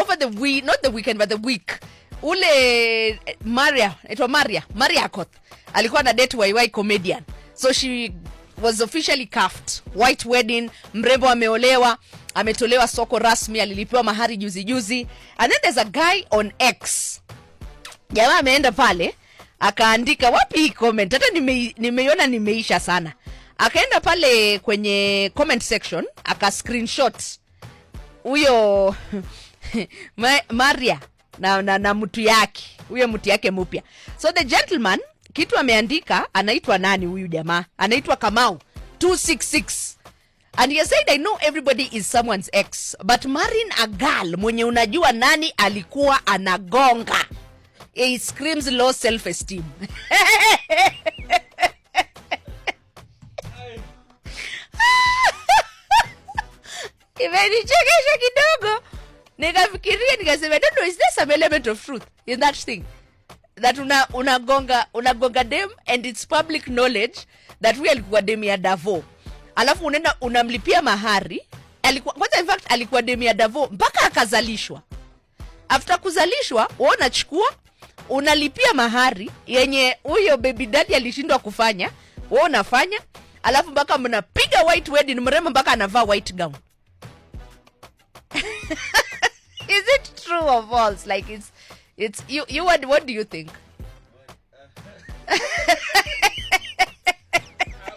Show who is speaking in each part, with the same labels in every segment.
Speaker 1: over the week not the weekend but the week ule eh, Maria itwa Maria Maria akoth alikuwa na date YY comedian so she was officially cuffed white wedding mrembo ameolewa ametolewa soko rasmi alilipewa mahari juzi juzi and then there's a guy on X jamaa ameenda pale akaandika wapi hii comment hata nime, nimeiona nimeisha sana akaenda pale kwenye comment section aka screenshot huyo Maria na, na, na mtu yake huyo mtu yake mupya So the gentleman kitu ameandika anaitwa nani huyu jamaa? Anaitwa Kamau 266. And he said I know everybody is someone's ex but marin a girl mwenye unajua nani alikuwa anagonga. He screams low self esteem. Imenichekesha kidogo nikafikiria nikasema, I don't know, is there some element of truth in that thing that una unagonga unagonga dem and it's public knowledge that we alikuwa dem ya Davo, alafu unaenda unamlipia mahari. Alikuwa kwanza, in fact alikuwa dem ya Davo mpaka akazalishwa. After kuzalishwa, wewe unachukua unalipia mahari yenye huyo baby daddy alishindwa kufanya, wewe unafanya, alafu mpaka mnapiga white wedding, mrembo mpaka anavaa white gown is it true or false? Like it's it's you you what what do you think? I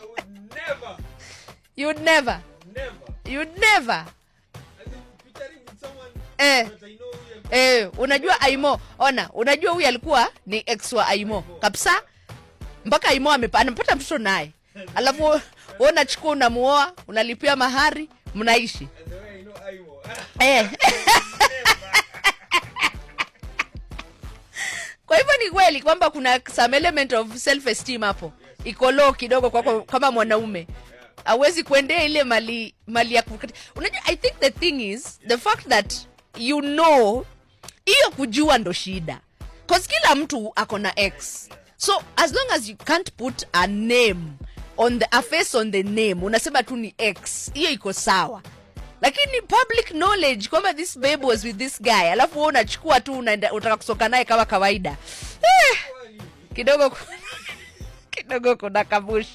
Speaker 2: would never.
Speaker 1: You'd never. Never. You'd never. Eh. Eh, unajua Aimo, ona, unajua huyu alikuwa ni ex wa Aimo. Kabisa? Mpaka Aimo amepata mtoto naye. Alafu wewe unachukua unamuoa, unalipia mahari, mnaishi. Eh. ni kweli kwamba kuna some element of self esteem hapo iko low kidogo kwako kama mwanaume hawezi kuendea ile mali mali ya Unajua, I think the thing is the fact that you know, hiyo kujua ndo shida, cause kila mtu ako na ex, so as long as you can't put a name on the a face on the name, unasema tu ni ex, hiyo iko sawa. Lakini public knowledge kwamba this babe was with this guy, alafu wewe unachukua tu unaenda, unataka kusoka naye kama kawaida. kidogo kidogo kuna kabushi